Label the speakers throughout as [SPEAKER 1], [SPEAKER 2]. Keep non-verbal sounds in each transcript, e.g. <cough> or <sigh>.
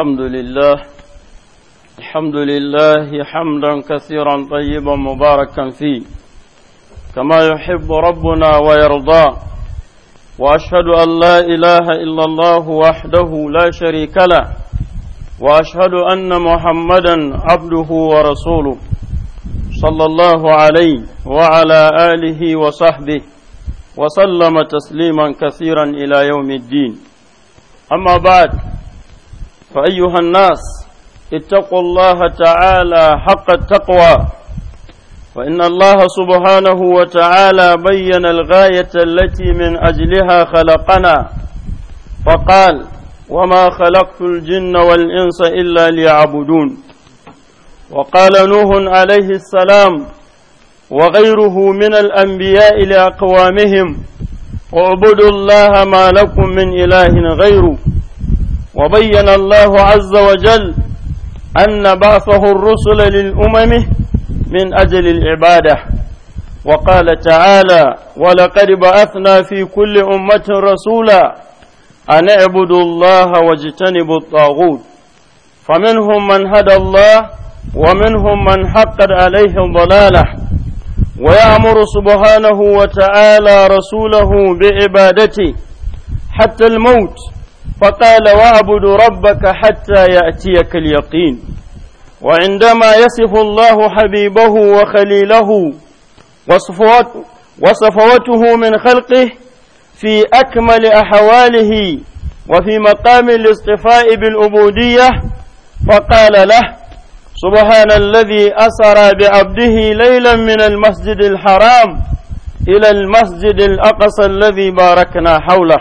[SPEAKER 1] الحمد لله الحمد لله حمدا كثيرا طيبا مباركا فيه كما يحب ربنا ويرضى وأشهد أن لا إله إلا الله وحده لا شريك له وأشهد أن محمدا عبده ورسوله صلى الله عليه وعلى آله وصحبه وسلم تسليما كثيرا إلى يوم الدين أما بعد فأيها الناس اتقوا الله تعالى حق التقوى فإن الله سبحانه وتعالى بين الغاية التي من أجلها خلقنا فقال وما خلقت الجن والإنس إلا ليعبدون وقال نوح عليه السلام وغيره من الأنبياء لأقوامهم اعبدوا الله ما لكم من إله غيره وبين الله عز وجل أن بعثه الرسل للأمم من أجل العبادة وقال تعالى ولقد بعثنا في كل أمة رسولا أن اعبدوا الله واجتنبوا الطاغوت فمنهم من هدى الله ومنهم من حقد عليه الضلالة ويأمر سبحانه وتعالى رسوله بعبادته حتى الموت فقال واعبد ربك حتى يأتيك اليقين وعندما يصف الله حبيبه وخليله وصفوته, من خلقه في أكمل أحواله وفي مقام الاصطفاء بالعبودية فقال له سبحان الذي أسرى بعبده ليلا من المسجد الحرام إلى المسجد الأقصى الذي باركنا حوله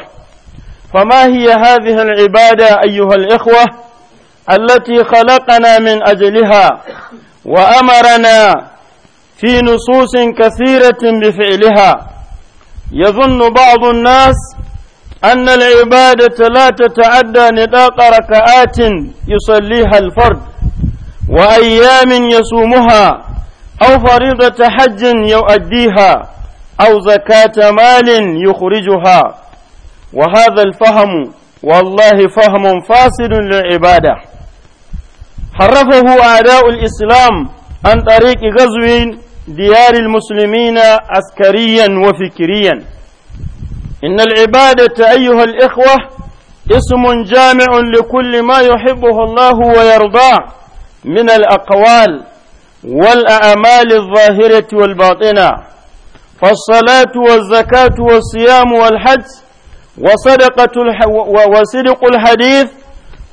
[SPEAKER 1] فما هي هذه العبادة أيها الإخوة التي خلقنا من أجلها وأمرنا في نصوص كثيرة بفعلها يظن بعض الناس أن العبادة لا تتعدى نطاق ركعات يصليها الفرد وأيام يصومها أو فريضة حج يؤديها أو زكاة مال يخرجها وهذا الفهم والله فهم فاسد للعبادة حرفه أعداء الإسلام عن طريق غزو ديار المسلمين عسكريا وفكريا إن العبادة أيها الإخوة اسم جامع لكل ما يحبه الله ويرضاه من الأقوال والأعمال الظاهرة والباطنة فالصلاة والزكاة والصيام والحج وصدقة وصدق الحديث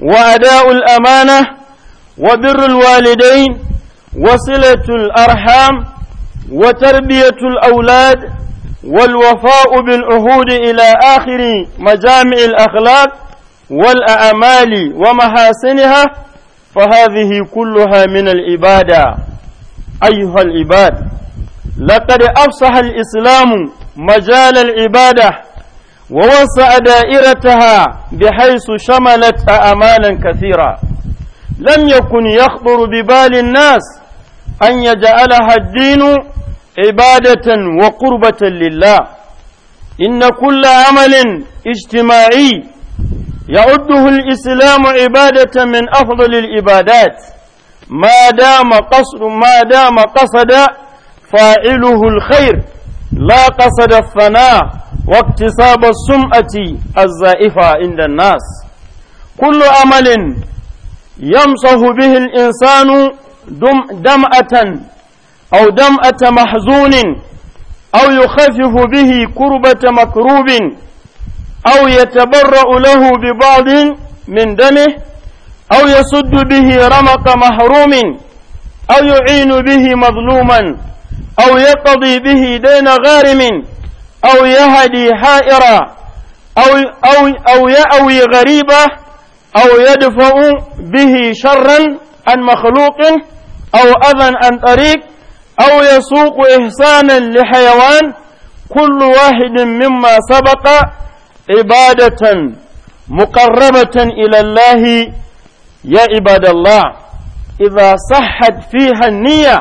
[SPEAKER 1] وأداء الأمانة وبر الوالدين وصلة الأرحام وتربية الأولاد والوفاء بالعهود إلى آخر مجامع الأخلاق والأعمال ومحاسنها فهذه كلها من العبادة أيها العباد لقد أفصح الإسلام مجال العبادة ووسع دائرتها بحيث شملت آمالا كثيرة لم يكن يخطر ببال الناس أن يجعلها الدين عبادة وقربة لله إن كل عمل اجتماعي يعده الإسلام عبادة من أفضل العبادات ما دام قصد ما دام قصد فاعله الخير لا قصد الثناء واكتساب السمعة الزائفة عند الناس كل عمل يمسح به الإنسان دم دمعة أو دمعة محزون أو يخفف به كربة مكروب أو يتبرأ له ببعض من دمه أو يسد به رمق محروم أو يعين به مظلوما أو يقضي به دين غارم أو يهدي حائرا أو, أو, أو يأوي غريبا أو يدفع به شرا عن مخلوق أو أذى عن طريق أو يسوق إحسانا لحيوان كل واحد مما سبق عبادة مقربة إلى الله يا عباد الله إذا صحت فيها النية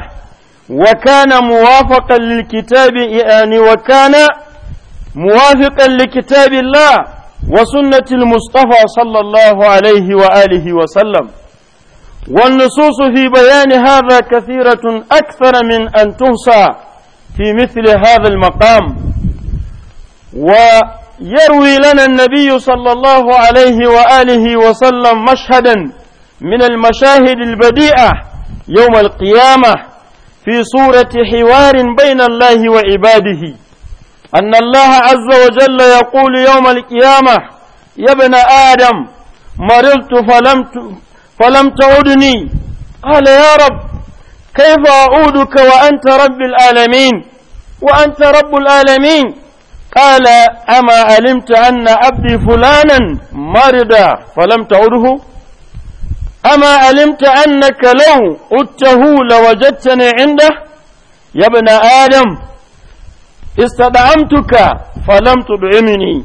[SPEAKER 1] وكان موافقا للكتاب يعني وكان موافقا لكتاب الله وسنة المصطفى صلى الله عليه وآله وسلم والنصوص في بيان هذا كثيرة أكثر من أن تحصى في مثل هذا المقام ويروي لنا النبي صلى الله عليه وآله وسلم مشهدا من المشاهد البديئة يوم القيامة في صورة حوار بين الله وعباده أن الله عز وجل يقول يوم القيامة يا ابن آدم مرضت فلم فلم تعودني قال يا رب كيف أعودك وأنت رب العالمين وأنت رب العالمين قال أما علمت أن عبدي فلانا مرض فلم تعده أما علمت أنك لو أته لوجدتني عنده يا ابن آدم استدعمتك فلم تدعمني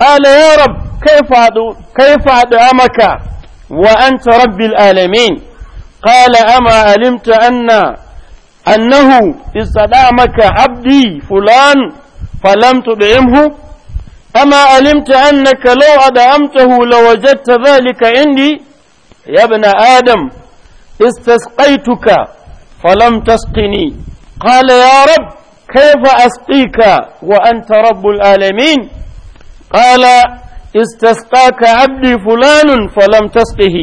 [SPEAKER 1] قال يا رب كيف أدو كيف أدعمك وأنت رب العالمين قال أما علمت أن أنه استدعمك عبدي فلان فلم تدعمه أما علمت أنك لو أدعمته لوجدت ذلك عندي يا ابن آدم استسقيتك فلم تسقني قال يا رب كيف أسقيك وأنت رب العالمين قال استسقاك عبدي فلان فلم تسقه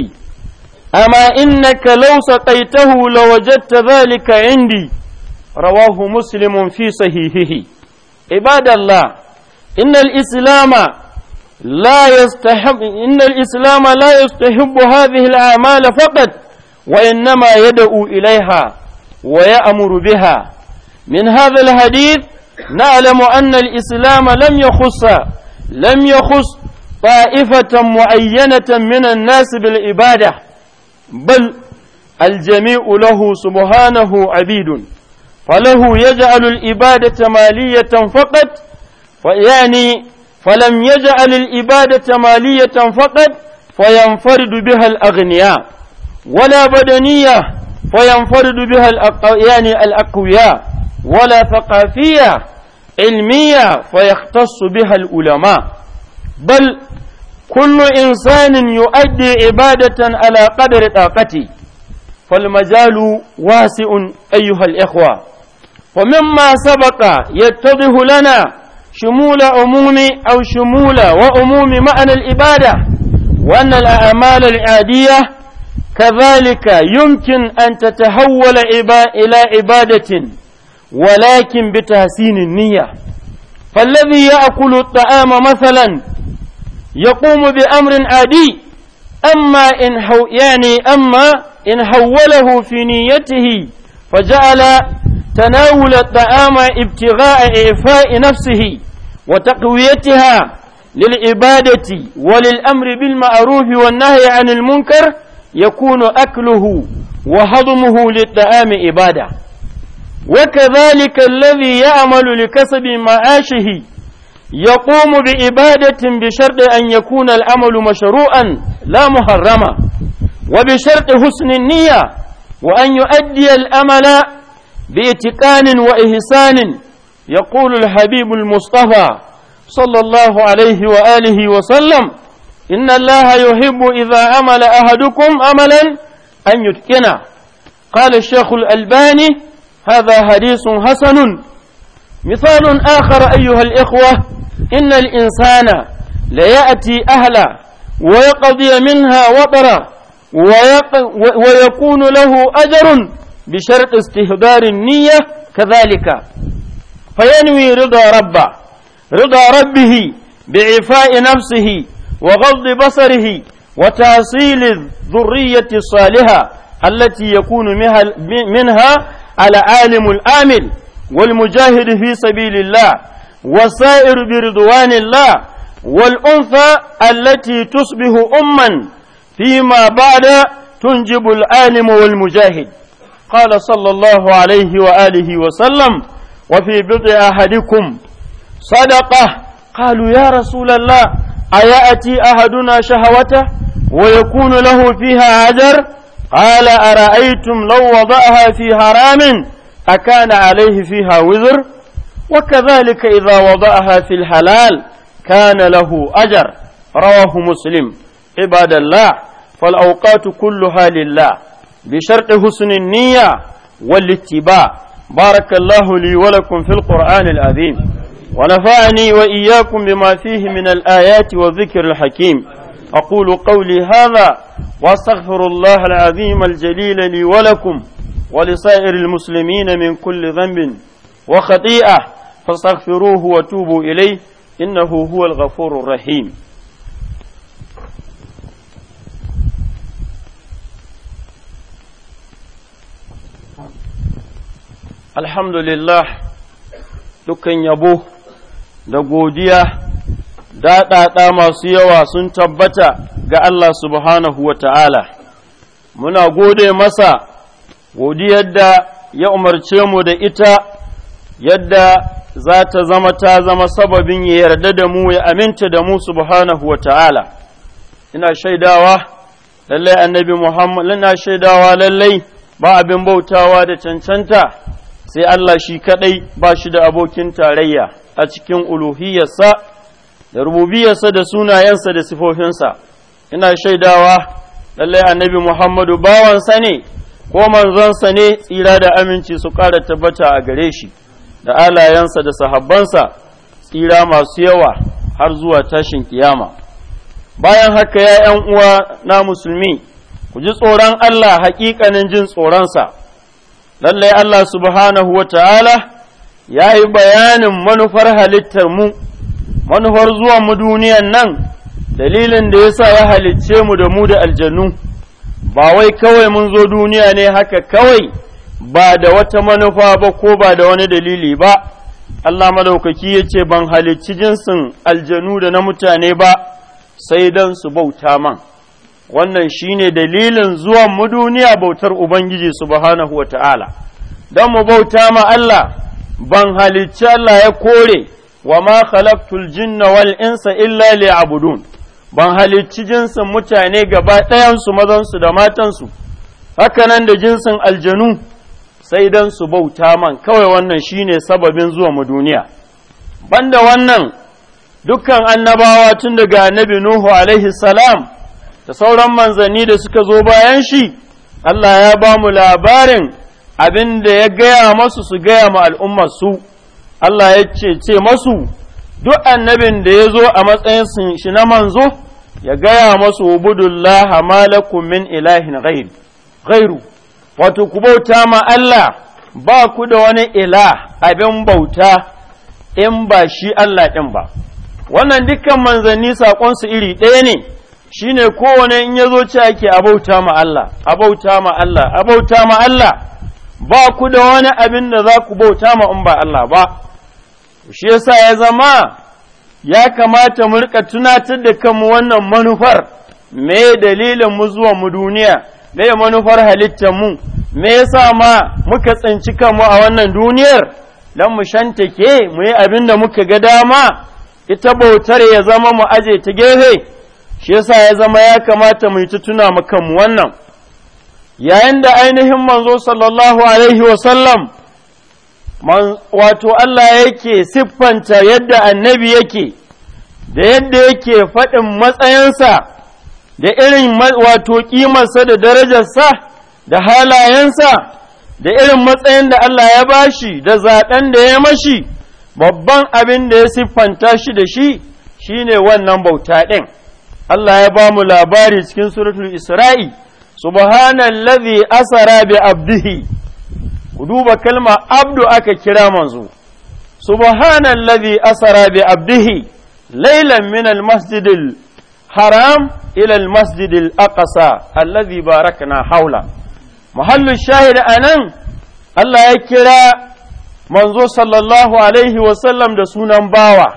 [SPEAKER 1] أما إنك لو سقيته لوجدت ذلك عندي رواه مسلم في صحيحه عباد الله إن الإسلام لا يستحب إن الإسلام لا يستحب هذه الأعمال فقط وإنما يدعو إليها ويأمر بها من هذا الحديث نعلم أن الإسلام لم يخص لم يخص طائفة معينة من الناس بالعبادة بل الجميع له سبحانه عبيد فله يجعل الإبادة مالية فقط فيعني فلم يجعل الإبادة مالية فقط فينفرد بها الأغنياء ولا بدنية فينفرد بها الأق... يعني الأقوياء ولا ثقافية علمية فيختص بها العلماء بل كل إنسان يؤدي عبادة على قدر طاقته فالمجال واسع أيها الإخوة ومما سبق يتضح لنا شمول عموم أو شمول وعموم معنى العبادة وأن الأعمال العادية كذلك يمكن أن تتحول إلى عبادة ولكن بتحسين النية فالذي يأكل الطعام مثلا يقوم بأمر عادي أما إن حو يعني أما إن حوله في نيته فجعل تناول الطعام ابتغاء إعفاء نفسه وتقويتها للعبادة وللأمر بالمعروف والنهي عن المنكر يكون أكله وهضمه للطعام عباده وكذلك الذي يعمل لكسب معاشه يقوم بعبادة بشرط أن يكون العمل مشروعا لا محرما وبشرط حسن النية وأن يؤدي الأمل بإتقان وإحسان يقول الحبيب المصطفى صلى الله عليه وآله وسلم إن الله يحب إذا عمل أحدكم عملا أن يتقنه قال الشيخ الألباني هذا حديث حسن مثال آخر أيها الإخوة إن الإنسان ليأتي أهلا ويقضي منها وطرا ويكون له أجر بشرط استهدار النية كذلك فينوي رضا ربه رضا ربه بعفاء نفسه وغض بصره وتاصيل الذرية الصالحة التي يكون منها العالم الآمل والمجاهد في سبيل الله والسائر برضوان الله والأنثى التي تصبح أما فيما بعد تنجب العالم والمجاهد قال صلى الله عليه وآله وسلم وفي بضع أحدكم صدقة قالوا يا رسول الله أيأتي أحدنا شهوته ويكون له فيها عذر قال أرأيتم لو وضعها في حرام أكان عليه فيها وزر وكذلك إذا وضعها في الحلال كان له أجر رواه مسلم عباد الله فالأوقات كلها لله بشرط حسن النية والاتباع بارك الله لي ولكم في القرآن العظيم ونفعني وإياكم بما فيه من الآيات والذكر الحكيم أقول قولي هذا وأستغفر الله العظيم الجليل لي ولكم ولسائر المسلمين من كل ذنب وخطيئة فاستغفروه وتوبوا إليه إنه هو الغفور الرحيم الحمد لله لكن يبوه دقوديه daɗaɗa masu yawa sun tabbata ga Allah subhanahu wa ta'ala, muna gode masa godiyar da ya umarce mu da ita yadda za ta zama ta zama sababin ya yarda da mu ya aminta da mu subhanahu wa ta'ala. Ina shaidawa, lallai annabi Muhammad, ina shaidawa lallai ba abin bautawa da cancanta sai Allah shi kaɗai ba shi da abokin tarayya a cikin uluhiyarsa. da rububiyarsa da sunayensa da sifofinsa ina shaidawa lallai annabi Muhammadu bawansa ne ko manzonsa ne tsira da aminci su ƙara tabbata a gare shi da alayensa da sahabbansa tsira masu yawa har zuwa tashin kiyama bayan haka ya ‘yan uwa na musulmi ku ji tsoron Allah haƙiƙanin jin tsoronsa lallai Allah subhanahu wa ta'ala ya yi bayanin manufar halittar mu manufar zuwan mu duniyan nan dalilin da ya sa ya halicce mu da mu da aljannu ba wai kawai mun zo duniya ne haka kawai ba da wata manufa ba ko ba da wani dalili ba Allah madaukaki ya ce ban halicci jinsin aljanu da na mutane ba sai don su bauta man wannan shine dalilin zuwan mu duniya bautar ubangiji subhanahu wa ta'ala don mu bauta ma Allah ban halicci Allah ya kore wa ma khalaqtul jinna wal insa illa liya'budun ban halicci jinsin mutane gaba ɗayansu mazansu da matansu haka nan da jinsin aljanu sai dan su bauta man kawai wannan shine sababin zuwa mu duniya banda wannan dukkan annabawa tun daga annabi Nuhu alaihi salam da sauran manzanni da suka zo bayan shi Allah ya ba mu labarin abin da ya gaya masu su gaya ma al'ummar su Allah ya ce ce masu duk annabin da ya zo a matsayin shi na manzo ya gaya masu ubudullaha malakum min ilahin ghairu wato ku bauta ma Allah ba ku da wani ila abin bauta in ba shi Allah ɗin ba wannan dukkan manzanni saƙonsu iri ɗaya ne shi ne kowane in ya zo ce ake abauta ma Allah abauta ma Allah abauta ma Allah ba ku da wani abin da za ku bauta ma in ba Allah ba shi yasa ya zama ya kamata mu rika tunatar da kanmu wannan manufar me dalilin mu zuwa mu duniya me manufar halittar mu me yasa ma muka tsinci kanmu a wannan duniyar dan mu shantake mu yi abin da muka ga dama ita bautar ya zama mu aje ta gefe shi yasa ya zama ya kamata mu yi ta tuna mu kanmu wannan yayin da ainihin manzo sallallahu alaihi wa sallam wato Allah yake siffanta yadda annabi yake da yadda yake faɗin matsayansa da irin wato ƙimarsa da darajarsa da halayensa da irin matsayin da Allah ya bashi da zaɗen da ya mashi babban abin da ya siffanta shi da shi shine wannan bauta ɗin Allah ya ba mu labari cikin suratul Isra'i subhanallazi asara bi abdihi ku duba kalma abdu aka kira manzo subhanallazi asara bi abdihi laylan min almasjidil haram ila almasjidil aqsa allazi barakna haula muhallu shahid anan Allah ya kira manzo sallallahu alaihi wasallam da sunan bawa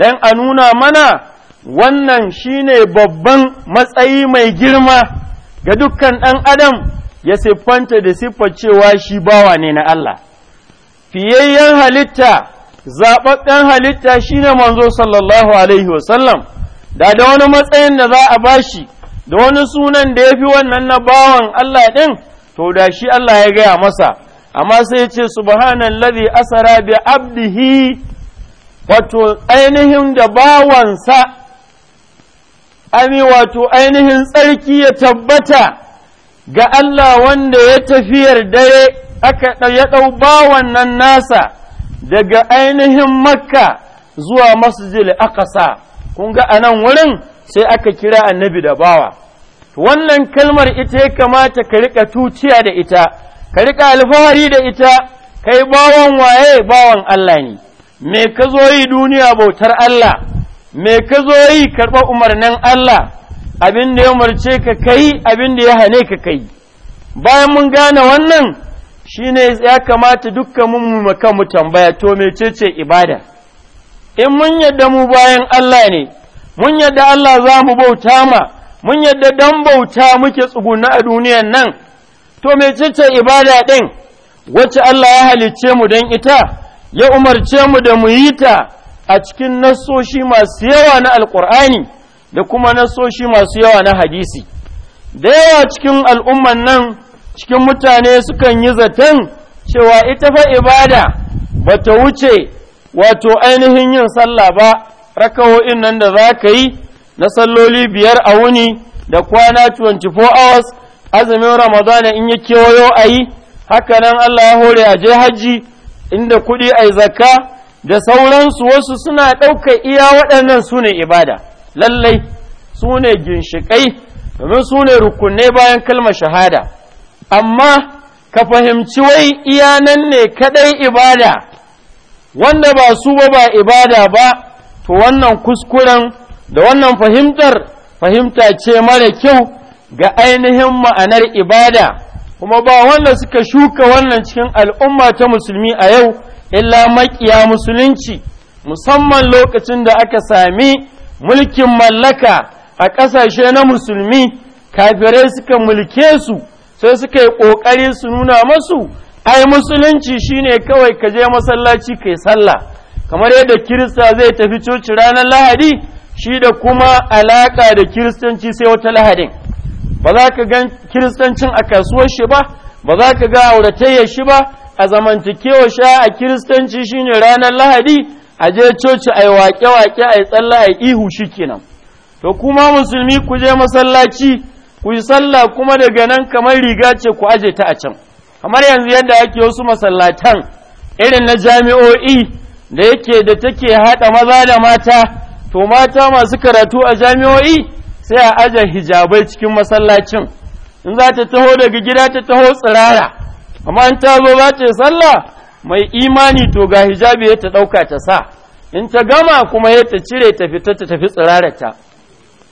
[SPEAKER 1] dan a nuna mana wannan shine babban matsayi mai girma ga dukkan ɗan adam ya siffanta da siffar cewa shi bawa ne na Allah fiyayyen halitta zaɓaɓɓen halitta shi ne manzo sallallahu alaihi wasallam da da wani matsayin da za a ba shi, da wani sunan da ya fi wannan na bawan Allah ɗin to da shi Allah ya gaya masa amma sai ce subhanallazi asara bi abdihi wato ainihin da bawansa ami wato ainihin tsarki ya tabbata ga Allah wanda ya tafiyar dare aka ya ɗau bawan nan nasa daga ainihin makka zuwa masjidil aqsa kun ga anan wurin sai aka kira annabi da bawa wannan kalmar ita ya kamata ka rika tuciya da ita ka rika alfahari da ita kai bawan waye bawan Allah ne me ka zo yi duniya bautar Allah me ka zo yi karɓar umarnin Allah abin da ya umarce ka kai abin da ya hane ka kai bayan mun gane wannan shi ne ya kamata dukkan mun maka mu tambaya to mecece ibada in mun yadda mu bayan Allah ne mun yadda Allah za mu bauta ma mun yadda dan bauta muke tsuguna a duniyan nan to mecece ibada din wacce Allah ya halicce mu don ita ya umarce mu da mu yi ta a cikin nassoshi masu yawa na alkur'ani da kuma nasoshi masu yawa na hadisi da yawa cikin al'umman nan cikin mutane sukan yi zaton cewa ita fa ibada ba ta wuce wato ainihin yin sallah ba rakawo'in nan da za ka yi na salloli biyar a wuni da kwana 24 hours azumin ramadana in yi kewayo a yi haka nan Allah ya hore a je hajji inda kuɗi a zakka da sauransu wasu suna ɗaukar iya waɗannan su ne ibada lallai su ne ginshiƙai domin su ne rukunai bayan kalmar shahada amma ka fahimci wai iyanan ne kaɗai ibada wanda ba su ba ba ibada ba to wannan kuskuren da wannan fahimtar fahimta ce mara kyau ga ainihin ma'anar ibada kuma ba wanda suka shuka wannan cikin al'umma ta musulmi a yau illa maƙiya musulunci musamman lokacin da aka sami mulkin mallaka a ƙasashe na musulmi kafirai suka mulke su sai suka yi ƙoƙari su nuna masu ai musulunci shine kawai ka je masallaci kai sallah kamar yadda kirista zai tafi coci ranar lahadi shi da kuma alaƙa da kiristanci sai wata lahadin ba za ka gan kiristancin a kasuwar shi ba ba za ka ga auratayyar shi ba a zamantakewa sha a kiristanci shine ranar lahadi a je coci a yi waƙe-waƙe a yi tsalla a yi ihu shi kenan to kuma musulmi ku je masallaci ku yi sallah kuma daga nan kamar riga ce ku aje ta a can kamar yanzu yadda ake wasu masallatan irin na jami'o'i da yake da take haɗa maza da mata to mata masu karatu a jami'o'i sai a aje hijabai cikin masallacin in za ta taho daga gida ta taho tsirara amma in ta zo za ta yi sallah mai imani to ga hijabi ya ta ɗauka ta sa in ta gama kuma ya ta cire ta fita ta tafi tsirarata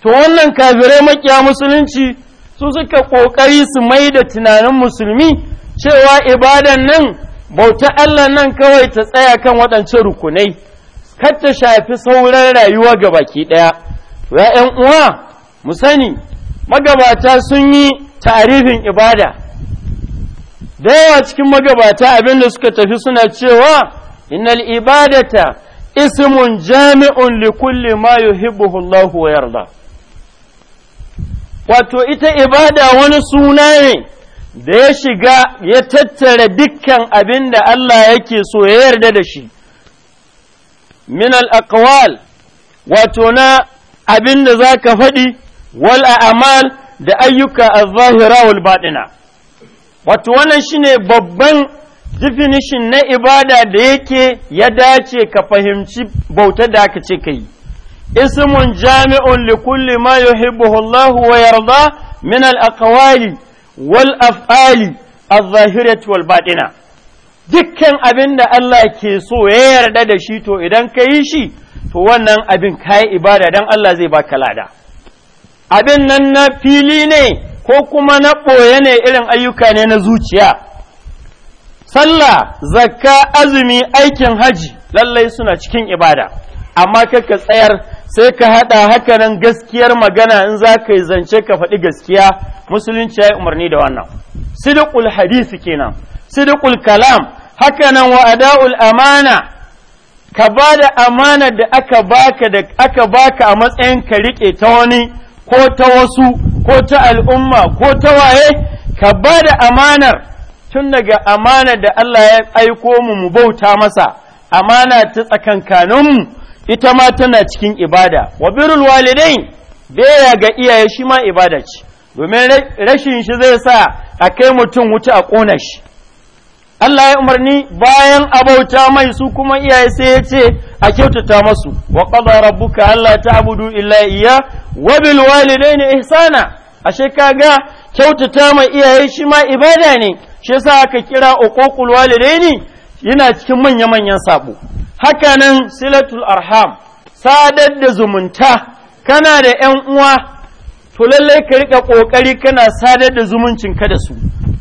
[SPEAKER 1] to wannan kafirai makiya musulunci su suka ƙoƙari su mai da tunanin musulmi cewa ibadan nan bauta Allah nan kawai ta tsaya kan waɗancan rukunai kar ta shafi sauran rayuwa ga baki ɗaya ya uwa mu sani magabata sun yi tarifin ibada da yawa cikin magabata abin da suka tafi suna cewa innal ibadata ismun jami'un li kulli ma yuhibbuhu Allah wa yarda wato ita ibada wani suna ne da ya shiga ya tattara dukkan abin da Allah yake so ya yarda da shi min al wato na abin da zaka faɗi wal a'mal da ayyuka al zahira wal batina wato wannan shine babban definition na ibada da yake ya dace ka fahimci bauta da aka ce ka ismun jami'un li kulli ma yuhibbuhu Allah wa yarda min al-aqwali wal af'ali az-zahirati wal batina dukkan abin da Allah ke so ya yarda da shi to idan ka yi shi to wannan abin ka ibada dan Allah zai baka lada abin nan na fili ne ko kuma na ɓoye ne irin ayyuka ne na zuciya sallah zakka azumi aikin haji lallai suna cikin ibada amma kaka tsayar sai ka haɗa hakanan gaskiyar magana in za ka yi zance ka faɗi gaskiya musulunci ya yi umarni da wannan sidiqul hadisi kenan sidiqul kalam hakanan wa ada'ul amana ka ba da amana da aka baka da aka baka a matsayin ka riƙe ta wani ko ta wasu ko ta al'umma ko ta waye ka ba da amanar tun daga amanar da Allah ya aiko mu mu bauta masa amana ta tsakankaninmu ita ma tana cikin ibada wa birul walidain baya ga iyaye shi ma ibada ce domin rashin shi zai sa a kai mutum wuta a ƙona shi Allah ya umarni bayan abauta mai su kuma iyaye sai ya ce a kyautata masu wa qada rabbuka alla ta'budu illa iyya wa bil walidayni ihsana ashe kaga kyautata mai iyaye shi ma ibada ne shi yasa aka kira uququl walidayni yana cikin manya manyan sabo haka nan silatul arham sadar da zumunta kana da ƴan uwa to lallai ka rika kokari kana sadar da zumuncinka da su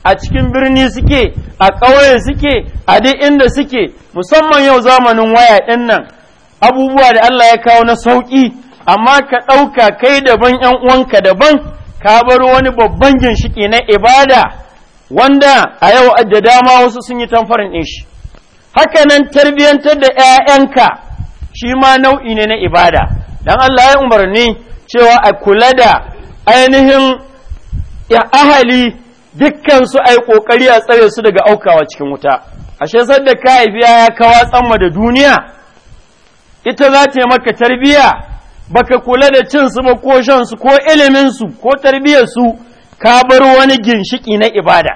[SPEAKER 1] a cikin birni suke a ƙauye suke a duk inda suke musamman yau zamanin waya ɗin nan abubuwa da Allah ya kawo na sauƙi amma ka ɗauka kai daban ‘yan uwanka daban ka bar wani babban ginshiƙi na ibada wanda a yau da dama wasu sun yi tamfarin ɗin shi haka nan tarbiyyantar da ‘ya'yanka shi ma nau'i ne na ibada Don Allah ya umarni cewa a kula da ainihin ahali dukkan su ai kokari a tsare su daga aukawa cikin wuta ashe sadda ka haifi ya kawa tsamma da duniya ita za ta yi maka tarbiya baka kula da cin su ba ko shan su ko ilimin su ko tarbiyar su ka bar wani ginshiki na ibada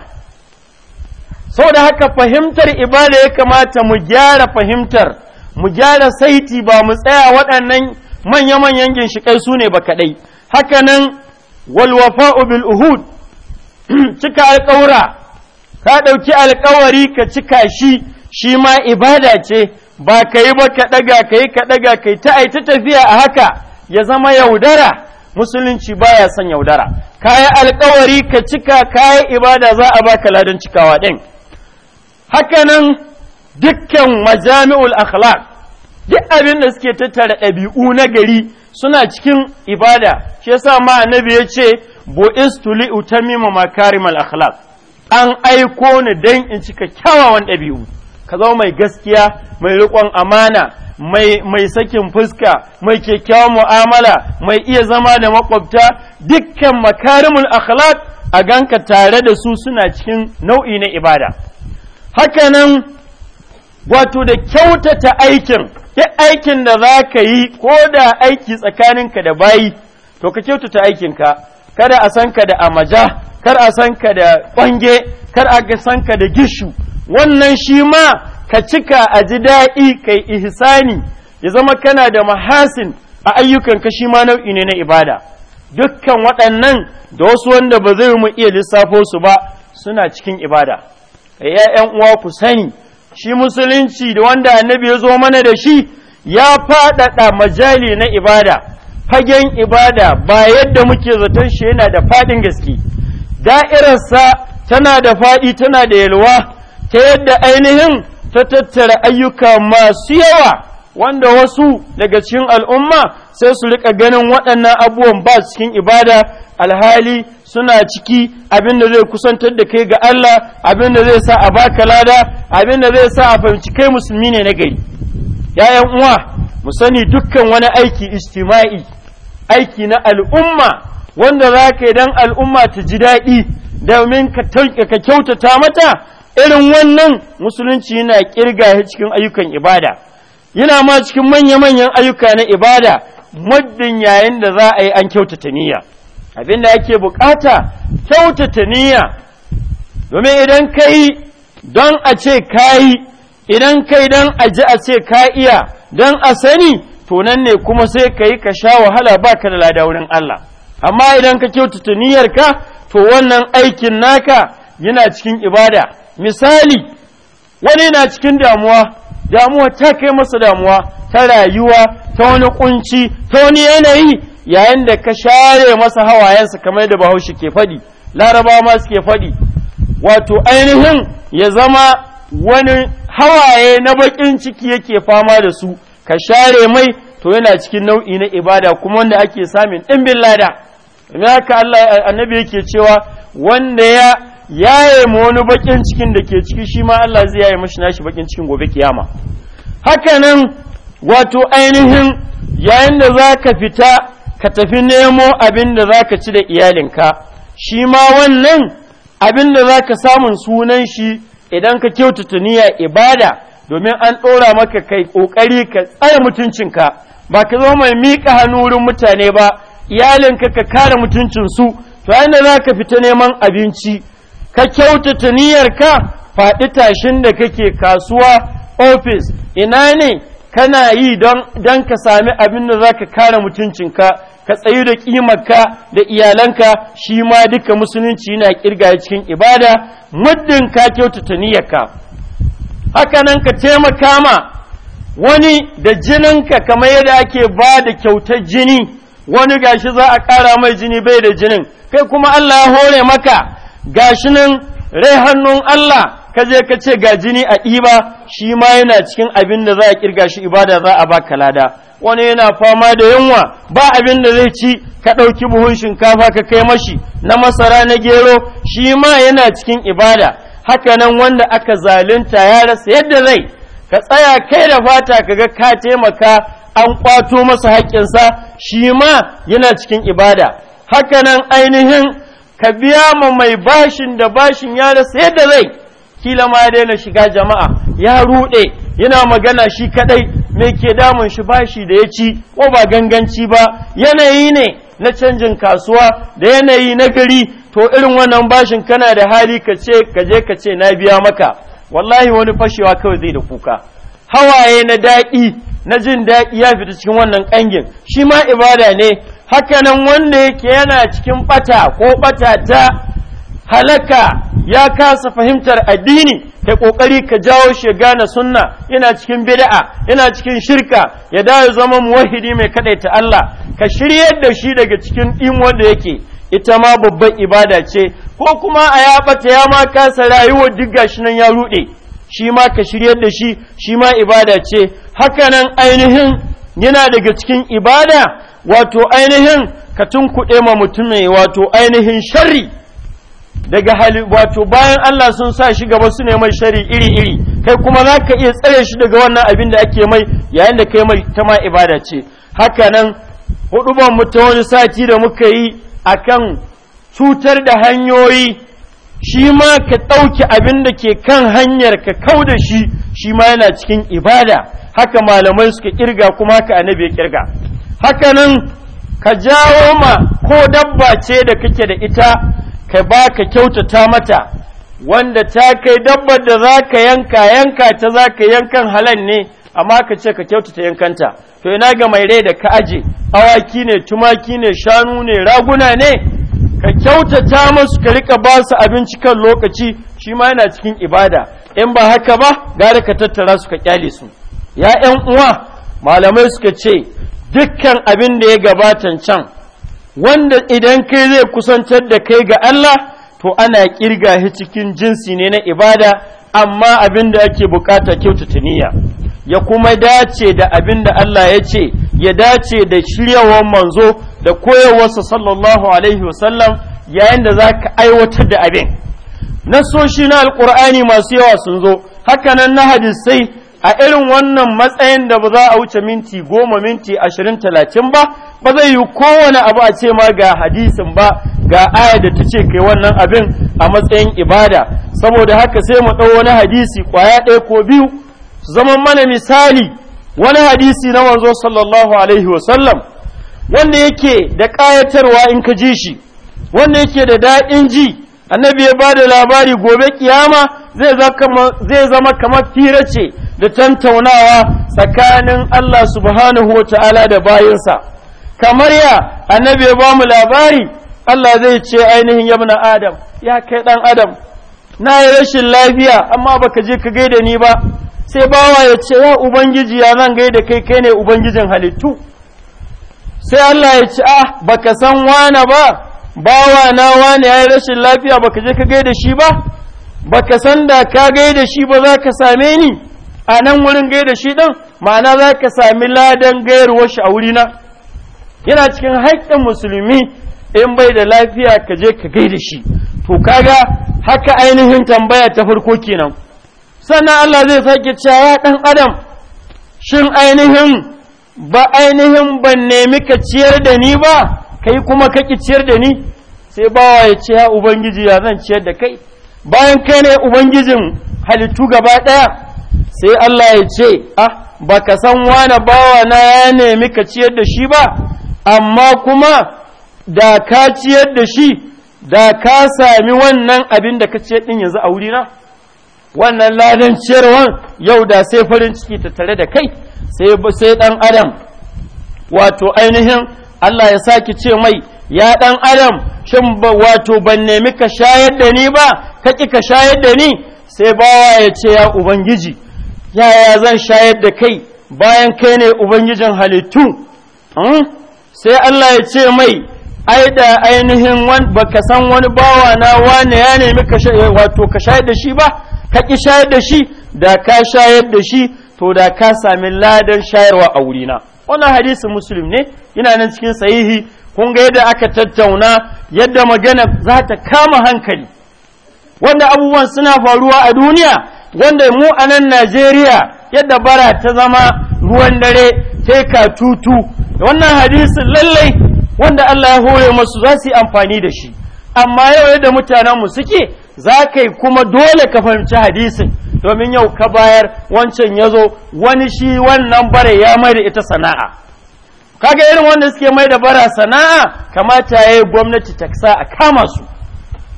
[SPEAKER 1] saboda haka fahimtar ibada ya kamata mu gyara fahimtar mu gyara saiti ba mu tsaya waɗannan manya-manyan ginshikai su ne ba kaɗai Haka nan walwafa'u bil uhud <clears throat> cika alƙawura ka ɗauki alƙawari ka cika shi shi ma ibada ce ba ka yi ba ka ɗaga ka yi ka ɗaga ka yi ta aita tafiya a haka ya zama yaudara musulunci baya son yaudara ka yi alƙawari ka cika ka yi ibada za a ba ka ladan cikawa ɗin hakanan dukkan majami'ul akhlaq duk abin da suke tattara ɗabi'u na gari suna cikin ibada shi yasa ma annabi ya ce bu'istu istuli utamima makarimal akhlaq an aiko ni dan in cika kyawawan ɗabi'u ka zama mai gaskiya mai riƙon amana mai mai sakin fuska mai kyakkyawan mu'amala mai iya zama da makwabta dukkan makarimul akhlaq a ganka tare da su suna cikin nau'i na ibada hakanan wato da kyautata aikin duk aikin da za ka yi ko da aiki tsakaninka da bayi to ka kyautata aikinka kada a san ka da amaja kar a san ka da kwange kar a san ka da gishu wannan shi ma ka cika a ji daɗi kai ihsani ya zama kana da mahasin a ayyukan ka shi ma nau'i ne na ibada dukkan waɗannan da wasu wanda ba zai mu iya lissafo su ba suna cikin ibada eh, ‘ya'yan uwa ku sani shi musulunci da wanda annabi ya zo mana da shi ya faɗaɗa majali na ibada fagen ibada ba yadda muke zaton shi yana da faɗin gaske da'irarsa tana da faɗi tana da yalwa ta yadda ainihin ta tattara ayyuka masu yawa wanda wasu daga cikin al'umma sai su rika ganin waɗannan abubuwan ba cikin ibada alhali suna ciki abin da zai kusantar da kai ga Allah abin da zai sa a baka lada abin da zai sa a fahimci kai musulmi ne na gari yayan uwa mu sani dukkan wani aiki istima'i. aiki na al'umma wanda za ka yi don al'umma ta ji daɗi domin ka kyautata mata irin wannan musulunci yana ƙirga cikin ayyukan ibada yana ma cikin manya-manyan ayyuka na ibada muddin yayin da za a yi an kyautata niyya abin da ake bukata kyautata niyya domin idan ka yi don a ce ka yi idan kai don a ji a ce ka iya don a sani to ne kuma sai ka yi ka sha wahala ba ka da lada wurin Allah amma idan ka kyautata niyyarka to wannan aikin naka yana cikin ibada misali wani yana cikin damuwa damuwa ta kai masa damuwa ta rayuwa ta wani kunci ta wani yanayi yayin da ka share masa hawayensa kamar da bahaushe ke faɗi laraba ma suke faɗi wato ainihin ya zama wani hawaye na baƙin ciki yake fama da su ka share mai to yana cikin nau'i na ibada kuma wanda ake samun bin lada ina haka Allah annabi yake cewa wanda ya yaye ma wani bakin cikin da ke ciki shi ma Allah zai yaye mashi nashi bakin cikin gobe kiyama nan, wato ainihin yayin da za ka fita ka tafi nemo abin da za ka ci da iyalinka shi ma wannan abin da za ka samun sunan shi idan ka kyautata niyya ibada domin an ɗora maka kai ƙoƙari ka tsare mutuncinka ba ka zama mai miƙa hannu wurin mutane ba iyalinka ka kare mutuncinsu to yadda za ka fita neman abinci ka kyautata niyyarka faɗi tashin da kake kasuwa ofis ina ne kana yi don ka sami abin da za ka kare mutuncinka ka tsayi da ƙimarka da iyalanka shi ma duka musulunci na ƙirga cikin ibada muddin ka kyautata niyyarka haka nan ka taimaka ma wani da jininka kamar yadda ake ba da kyautar jini wani gashi za a ƙara mai jini bai da jinin kai kuma Allah ya hore maka gashi nan rai hannun Allah ka je ka ce ga jini a ɗiba shi ma yana cikin abin da za a kirga shi ibada za a baka lada wani yana fama da yunwa ba abin da zai ci ka ɗauki buhun shinkafa ka kai mashi na masara na gero shi ma yana cikin ibada haka nan wanda aka zalunta ya rasa yadda zai ka tsaya kai da fata ka ga ka taimaka an kwato masa haƙƙinsa shi ma yana cikin ibada haka nan ainihin ka biya ma mai bashin da bashin ya rasa yadda zai kila ma ya daina shiga jama'a ya ruɗe yana magana shi kaɗai me ke damun shi bashi da ya ci ko ba ganganci ba yanayi ne na canjin kasuwa da yanayi na gari to irin wannan bashin kana da hali ka ce ka je ka ce na biya maka wallahi wani fashewa kawai zai da kuka hawaye na daɗi na jin daɗi ya fita cikin wannan ƙangin shi ma ibada ne hakanan wanda yake yana cikin ɓata ko ɓata ta halaka ya kasa fahimtar addini kai kokari ka jawo shi gane sunna yana cikin bid'a yana cikin shirka ya dawo zama muwahidi mai ta Allah ka shiryar da shi daga cikin din wanda yake ita ma babban ibada ce ko kuma a ya bata ya ma kasa rayuwar duk gashi nan ya rude shi ma ka shiryar da shi shi ma ibada ce hakanan ainihin yana daga cikin ibada wato ainihin ka tunkuɗe ma mutum wato ainihin sharri daga hali wato bayan Allah sun sa shi gaba su ne mai shari iri iri kai kuma za ka iya tsare shi daga wannan abin da ake mai yayin da kai mai ta ma ibada ce haka nan hudu mu ta wani sati da muka yi akan cutar da hanyoyi shi ma ka ɗauki abin da ke kan hanyar ka kau da shi shi ma yana cikin ibada haka malamai suka kirga kuma haka annabi ya kirga haka nan ka jawo ma ko dabba ce da kake da ita ka ba ka kyautata mata wanda ta kai dabbar da za ka yanka yanka ta za ka yankan halan ne amma ka ce ka kyautata yankanta to ina ga mai rai da ka aje awaki ne tumaki ne shanu ne raguna ne ka kyautata masu ka rika ba su abinci kan lokaci shi ma yana cikin ibada in ba haka ba gara ka tattara su ka kyale su ya ƴan uwa malamai suka ce dukkan abin da ya gabatan can wanda idan kai zai kusantar da kai ga Allah to ana kirga shi cikin jinsi ne na ibada amma abin da ake bukata kyautata niyya ya kuma dace da abin da Allah ya ce ya dace da shiryawar manzo da koyarwarsa sallallahu alaihi wasallam yayin da za ka aiwatar da abin nasoshi na alkur'ani masu yawa sun zo hakanan na hadisai a irin wannan matsayin da ba za a wuce minti goma minti ashirin talatin ba ba zai yi kowane abu a ce ma ga hadisin ba ga aya da ta ce kai wannan abin a matsayin ibada saboda haka sai mu ɗau wani hadisi ƙwaya ɗaya ko biyu su zama mana misali wani hadisi na wanzo sallallahu alaihi wasallam wanda yake da ƙayatarwa in ka ji shi wanda yake da daɗin ji annabi ya ba da labari gobe kiyama zai zama kamar fira ce da tantaunawa tsakanin Allah subhanahu wa ta'ala da bayansa. kamar ya annabi ya ba mu labari Allah zai ce ainihin yabna adam ya kai dan adam na yi rashin lafiya amma baka je ka gaida ni ba sai bawa ya ce ya ubangiji ya zan gaida kai kai ne ubangijin halittu sai Allah ya ce ah baka san wane ba bawa na wane ya yi rashin lafiya baka je ka gaida shi ba baka san da ka gaida shi ba za ka same ni a nan wurin gaida shi ɗin ma'ana za ka sami ladan gayarwar shi a wurina yana cikin haƙƙin musulmi in bai da lafiya ka je ka gaida shi to kaga haka ainihin tambaya ta farko kenan sannan Allah zai sake cewa ya ɗan adam shin ainihin ba ainihin ban nemi ka ciyar da ni ba kai kuma ka ki ciyar da ni sai bawa ya ce ya ubangiji ya zan ciyar da kai bayan kai ne ubangijin halittu gaba ɗaya sai Allah ya ce ah ba ka san wane bawa na ya nemi ka ciyar da shi ba amma kuma da ka ciyar da shi da ka sami wannan abin da ka ciyar din yanzu a na, wannan ladan ciyarwan yau da sai farin ciki ta tare da kai sai sai dan adam wato ainihin Allah ya saki ce mai ya dan adam shin ba wato ban nemi ka shayar da ni ba ka ki ka shayar da ni sai bawa ya ce ya ubangiji yaya zan shayar da kai bayan kai ne ubangijin halittu hmm? sai Allah ya ce mai ai da ainihin ba baka san wani bawa na wani ya nemi ka wato ka shayar da shi ba ka ki shayar da shi da ka shayar da shi to da ka sami ladan shayarwa a wurina wannan hadisi muslim ne yana nan cikin sahihi kun ga yadda aka tattauna yadda magana za ta kama hankali wanda abubuwan suna faruwa a duniya wanda mu a nan Najeriya yadda bara ta zama ruwan dare sai ka tutu da wannan hadisin lallai wanda Allah ya hore masu za su yi amfani da shi amma yau yadda mutanenmu suke za ka yi kuma dole ka fahimci hadisin domin yau ka bayar wancan ya zo wani shi wannan bare ya mai da ita sana'a kaga irin wanda suke mai da bara sana'a kamata ya yi gwamnati ta sa a kama su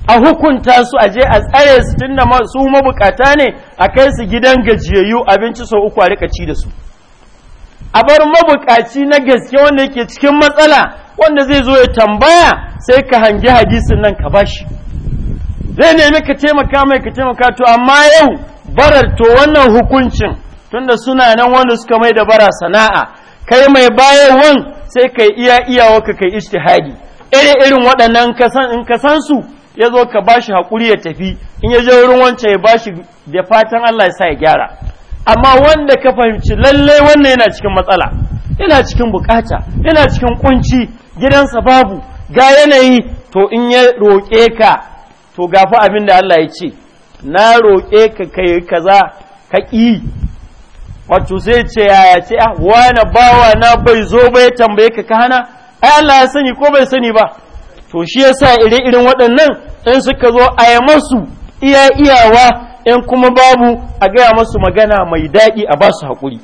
[SPEAKER 1] a hukunta su a je a tsare su tunda su mabukata ne a kai su gidan gajiyayyu abinci sau uku a rika ci da su a bar mabukaci na gaske wanda yake cikin matsala wanda zai zo ya tambaya sai ka hangi hadisin nan ka bashi zai nemi ka taimaka mai ka taimaka to amma yau barar to wannan hukuncin tunda suna nan wanda suka mai da bara sana'a kai mai bayarwan sai ka iya iyawa ka kai ijtihadi irin irin waɗannan kasan in ka su ya zo ka bashi haƙuri ya tafi in ya je wurin wancan ya bashi da fatan Allah ya sa ya gyara amma wanda ka fahimci lallai wannan yana cikin matsala yana cikin bukata yana cikin kunci gidansa babu ga yanayi to in ya roƙe ka to gafi abin da Allah ya ce na roƙe ka kai kaza ka ƙi wato sai ce yaya ce ah wani bawa na bai zo bai tambaye ka ka hana ai Allah ya sani ko bai sani ba to shi yasa ire irin waɗannan in suka zo a yi masu iya iyawa in kuma babu a gaya masu magana mai daɗi a ba su haƙuri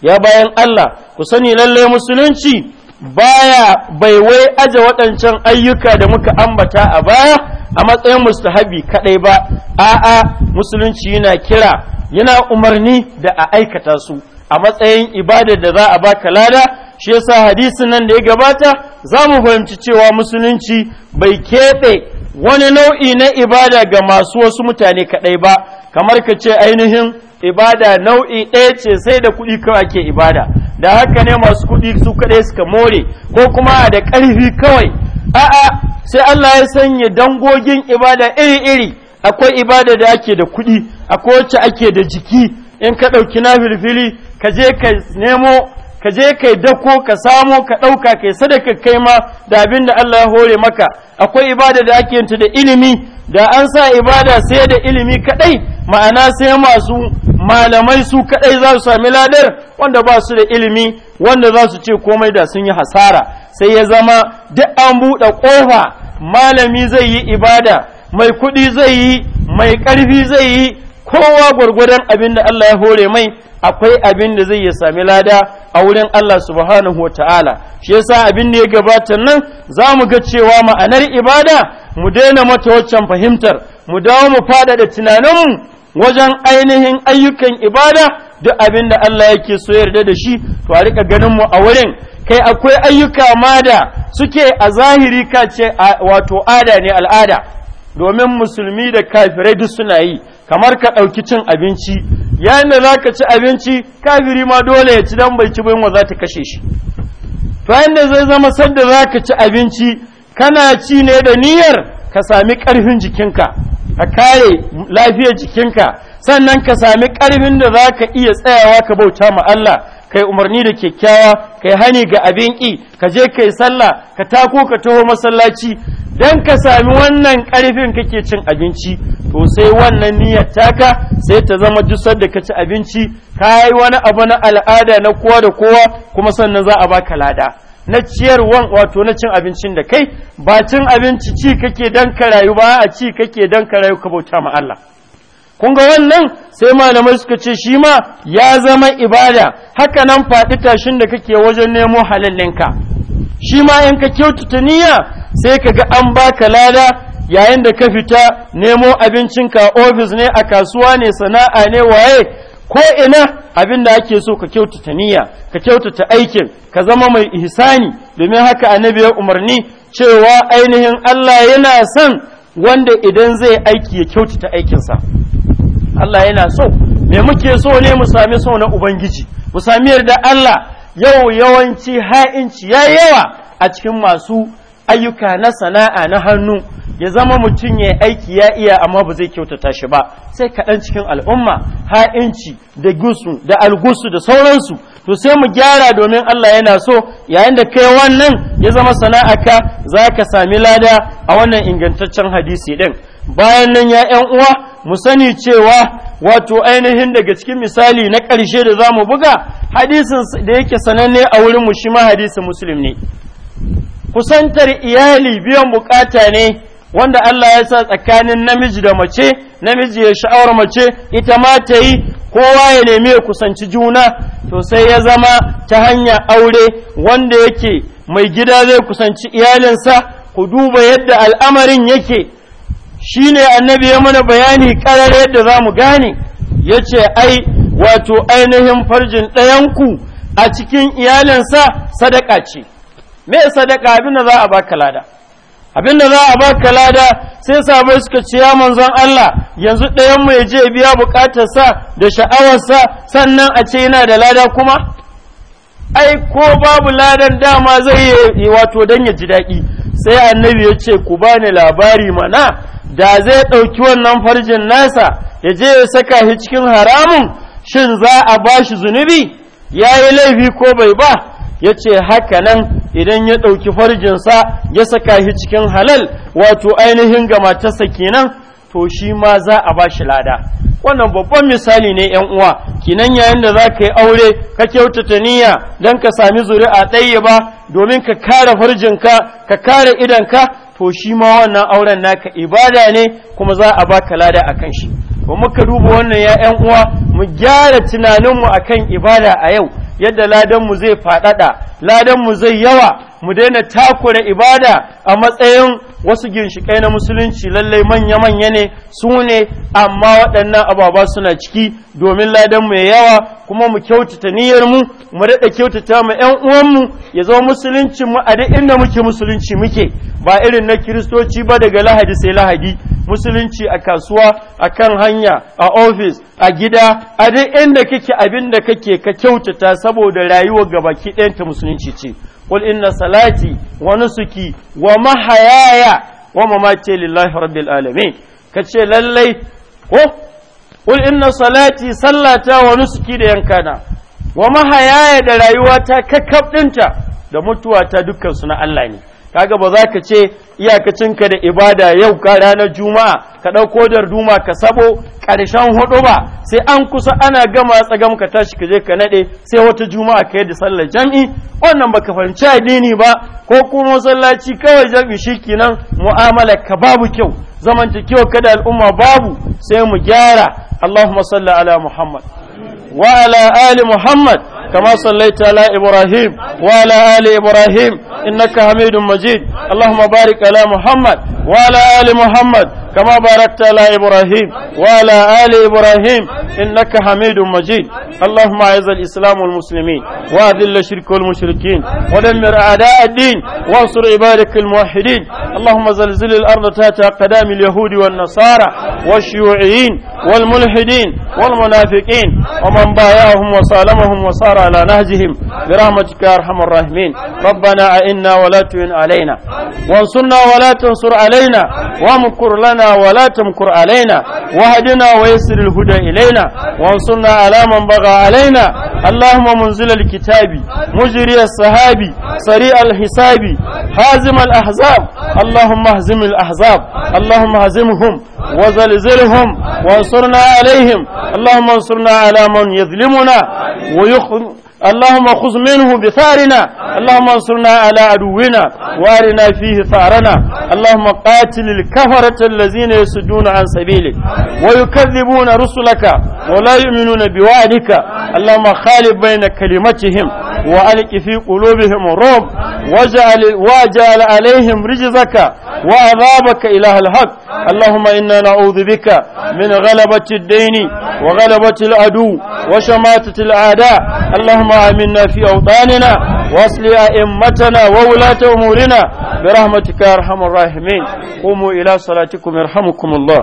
[SPEAKER 1] ya bayan Allah ku sani lallai musulunci baya bai wai aje waɗancan ayyuka da muka ambata a baya a matsayin mustahabi kaɗai ba a'a musulunci yana kira yana umarni da a aikata su a matsayin ibada da za a baka lada shi yasa hadisin nan da ya gabata za mu fahimci cewa musulunci bai keɓe wani nau'i na ibada ga masu wasu mutane kaɗai ba kamar ka ce ainihin ibada nau'i ɗaya ce sai da kuɗi kawai ke ibada da haka ne masu kuɗi su kaɗai suka more ko kuma da ƙarfi kawai a'a sai Allah ya sanya dangogin ibada iri-iri akwai ibada da ake da kuɗi akwai wacce ake da jiki in ka ɗauki na filfili ka je ka nemo ka je kai dako ka samo ka ɗauka kai sadaka kai ma da abin da Allah ya hore maka akwai ibada da ake yinta da ilimi da an sa ibada sai da ilimi kaɗai ma'ana sai masu malamai su kaɗai za su sami ladar wanda ba su da ilimi wanda za su ce komai da sun yi hasara sai ya zama duk an buɗe ƙofa malami zai yi ibada mai kuɗi zai yi mai ƙarfi zai yi kowa gwargwadon abin da Allah ya hore mai akwai abin da zai ya sami lada a wurin Allah subhanahu wa ta'ala shi yasa abin da ya gabata nan za mu ga cewa ma'anar ibada mu daina mata waccan fahimtar mu dawo mu faɗaɗa tunaninmu wajen ainihin ayyukan ibada duk abin da Allah yake so yarda da shi to a rika ganin mu a wurin kai akwai ayyuka ma da suke a zahiri ka ce wato ada ne al'ada domin musulmi da kafirai duk suna yi kamar ka ɗauki cin abinci yayin da zaka ci abinci kafiri ma dole ya ci dan bai ci bayan za ta kashe shi to yayin da zai zama sadda zaka ci abinci kana ci ne da niyyar ka sami karfin jikinka ka kare lafiyar jikinka sannan ka sami karfin da za ka iya tsayawa ka bauta ma Allah kai umarni da kyakkyawa kai hani ga abin ki ka je kai sallah ka tako ka taho masallaci don ka sami wannan ƙarfin kake cin abinci to sai wannan niyyar taka sai ta zama dusar da ka ci abinci ka yi wani abu na al'ada na kowa da kowa kuma sannan za a baka lada na ciyarwan wato na cin abincin da kai ba cin abinci ci kake dan ka rayu ba a ci kake dan ka rayu ka bauta ma Allah kun ga wannan sai malamai suka ce shi ma ya zama ibada haka nan faɗi tashin da kake wajen nemo halallinka shi ma in ka kyautata niyya sai ka ga an baka lada yayin da ka fita nemo abincinka ofis ne a kasuwa ne sana'a ne waye ko ina abin da ake so ka kyautata niyya ka kyautata aikin ka zama mai ihsani domin haka annabi ya umarni cewa ainihin Allah yana son wanda idan zai aiki ya kyautata aikinsa Allah yana so me muke so ne mu sami so na ubangiji mu sami yarda Allah yau yawanci ha'inci ya yawa a cikin masu ayyuka na sana'a na hannu ya zama mutum ya aiki ya iya amma ba zai kyautata shi ba sai kaɗan cikin al'umma ha'inci da gusu da algusu da sauransu to sai mu gyara domin Allah yana so yayin da kai wannan ya zama sana'aka za ka sami lada a wannan ingantaccen hadisi ɗin bayan nan ya ‘yan uwa mu sani cewa wato ainihin daga cikin misali na ƙarshe da za mu buga hadisin da yake sananne a wurin mu shi ma hadisin musulmi ne kusantar iyali biyan bukata ne wanda Allah ya sa tsakanin namiji da mace namiji ya sha'awar mace ita ma ta yi kowa ya nemi ya kusanci juna to sai ya zama ta hanyar aure wanda yake mai gida zai kusanci iyalinsa ku duba yadda al'amarin yake ne annabi ya mana bayani karar yadda za mu gane ya ce ai wato ainihin farjin ɗayanku a cikin iyalinsa sadaka ce me sadaka abin da za a baka lada abin da za a baka lada sai sabai suka ci ya manzon Allah yanzu ɗayan mu ya je biya sa da sha'awarsa sannan a ce yana da lada kuma ai ko babu ladan dama zai yi wato dan ya ji daɗi sai annabi ya ce ku bani labari mana da zai ɗauki wannan farjin nasa ya je ya saka shi cikin haramun shin za a bashi zunubi ya yi laifi ko bai ba ya ce haka nan idan ya ɗauki farjinsa ya saka shi cikin halal wato ainihin ga matarsa kenan to shi ma za a ba shi lada wannan babban misali ne yan uwa kinan yayin da za ka yi aure ka kyautata niyya don ka sami zuri'a ɗaya ba domin ka kare farjinka ka kare idanka to shi ma wannan auren naka ibada ne kuma za a baka lada a kan shi ba muka duba wannan ya yan uwa mu gyara tunaninmu akan ibada a yau yadda ladanmu zai faɗaɗa ladanmu zai yawa mu daina takura ibada a matsayin wasu ginshiƙai na musulunci lallai manya-manya ne su ne amma waɗannan ababa suna ciki domin ladanmu ya yawa kuma mu kyautata niyyarmu mu mu daɗa kyautata ma 'yan uwanmu ya zama mu a duk inda muke musulunci muke ba irin na kiristoci ba daga lahadi sai lahadi musulunci a kasuwa a kan hanya a ofis a gida a duk inda kake abin da kake ka kyautata saboda rayuwar gabaki ɗayanta musulunci ce qul inna salati wa nusuki wa mahayaya wa mamati lillahi rabbil alamin kace lallai ko qul inna salati sallata wa nusuki da yankana wa mahayaya da rayuwata ka ɗinta da mutuwata dukkan su na Allah ne kaga ba za ka ce iyakacinka da ibada yau ka ranar juma'a ka ɗauko darduma ka sabo ƙarshen hudu ba sai an kusa ana gama tsagam ka tashi ka je ka naɗe sai wata juma'a ka yi da sallar jam'i wannan ba baka fahimci addini ba ko kuma masallaci kawai jam'i shikenan mu'amala ka babu kyau ta kyau kada al'umma babu sai mu gyara Allahumma salli ala Muhammad wa ala ali Muhammad كما صليت على إبراهيم وعلى آل إبراهيم إنك حميد مجيد اللهم بارك على محمد وعلى آل محمد كما باركت على إبراهيم وعلى آل إبراهيم إنك حميد مجيد اللهم أعز الإسلام والمسلمين وأذل الشرك والمشركين ودمر أعداء الدين وانصر عبادك الموحدين اللهم زلزل الأرض تحت أقدام اليهود والنصارى والشيوعيين والملحدين والمنافقين ومن بايعهم وصالمهم وصار على نهجهم برحمتك يا أرحم الراحمين ربنا أئنا ولا تعن علينا وانصرنا ولا تنصر علينا وامكر لنا ولا تمكر علينا واهدنا ويسر الهدى إلينا وانصرنا على من بغى علينا اللهم منزل الكتاب مجري الصحابي سريع الحساب هازم الأحزاب اللهم اهزم الأحزاب اللهم هزمهم وزلزلهم وانصرنا عليهم اللهم انصرنا على من يظلمنا ويخ اللهم خذ منه بثارنا اللهم انصرنا على عدونا وارنا فيه ثارنا اللهم قاتل الكفرة الذين يسدون عن سبيلك ويكذبون رسلك ولا يؤمنون بوعدك اللهم خالف بين كلمتهم وألق في قلوبهم رعب واجعل, واجعل عليهم رجزك وعذابك إله الحق اللهم إنا نعوذ بك من غلبة الدين وغلبة العدو وشماتة الأعداء اللهم آمنا في أوطاننا واصل أئمتنا وولاة أمورنا برحمتك يا أرحم الراحمين قوموا إلى صلاتكم يرحمكم الله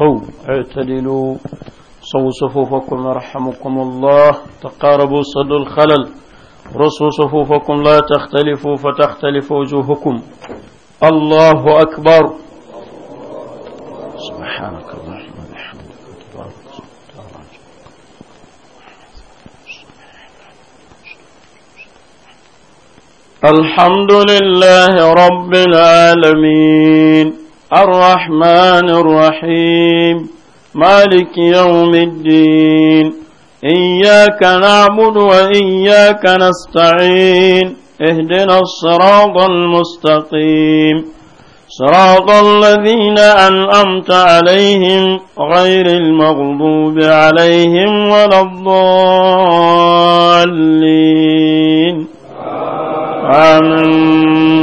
[SPEAKER 2] صو اعتدلوا
[SPEAKER 1] صو صفوفكم يرحمكم الله تقاربوا صدوا الخلل رصوا صفوفكم لا تختلفوا فتختلف وجوهكم الله
[SPEAKER 2] أكبر سبحانك اللهم وبحمدك تبارك
[SPEAKER 1] الحمد لله رب العالمين الرحمن الرحيم مالك يوم الدين إياك نعبد وإياك نستعين اهدنا الصراط المستقيم صراط الذين أنأمت عليهم غير المغضوب عليهم ولا الضالين آمين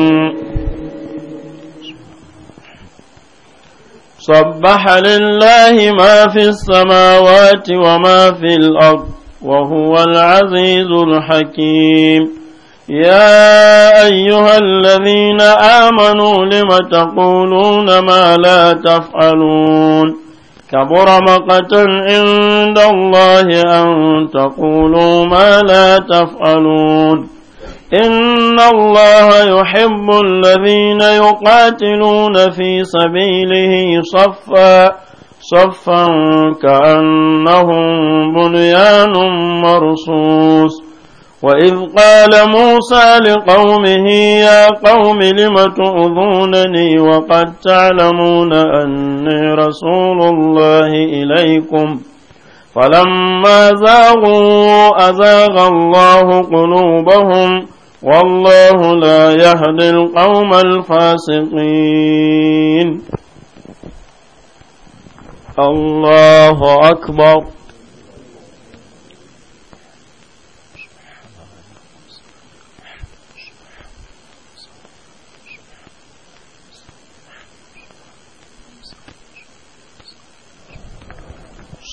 [SPEAKER 1] سبح لله ما في السماوات وما في الأرض وهو العزيز الحكيم يا أيها الذين آمنوا لم تقولون ما لا تفعلون كبر مقتا عند الله أن تقولوا ما لا تفعلون إن الله يحب الذين يقاتلون في سبيله صفا صفا كأنهم بنيان مرصوص وإذ قال موسى لقومه يا قوم لم تؤذونني وقد تعلمون أني رسول الله إليكم فلما زاغوا أزاغ الله قلوبهم والله لا يهدي القوم الفاسقين
[SPEAKER 2] الله أكبر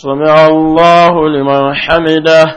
[SPEAKER 1] سمع الله لمن حمده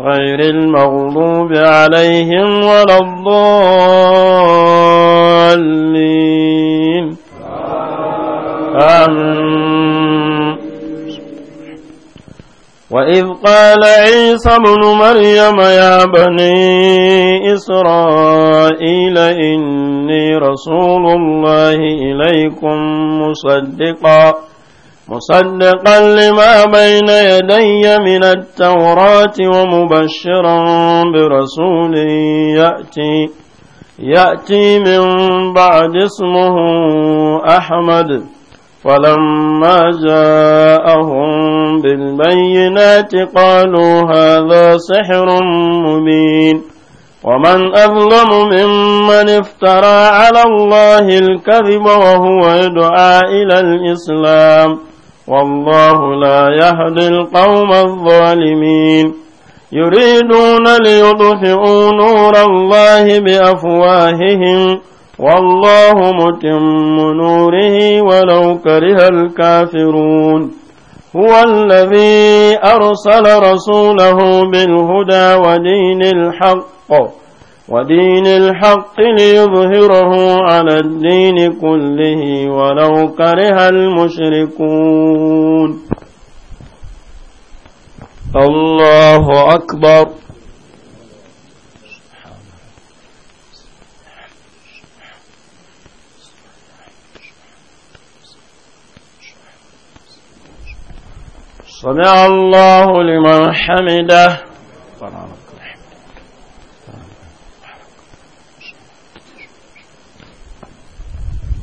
[SPEAKER 1] غير المغضوب عليهم ولا الضالين آمين وإذ قال عيسى بن مريم يا بني إسرائيل إني رسول الله إليكم مصدقاً مصدقا لما بين يدي من التوراة ومبشرا برسول يأتي يأتي من بعد اسمه أحمد فلما جاءهم بالبينات قالوا هذا سحر مبين ومن أظلم ممن افترى على الله الكذب وهو يدعى إلى الإسلام والله لا يهدي القوم الظالمين يريدون ليطفئوا نور الله بأفواههم والله متم نوره ولو كره الكافرون هو الذي أرسل رسوله بالهدى ودين الحق ودين الحق ليظهره على الدين كله ولو كره المشركون
[SPEAKER 2] الله أكبر سمع
[SPEAKER 1] الله لمن حمده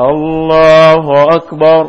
[SPEAKER 2] الله أكبر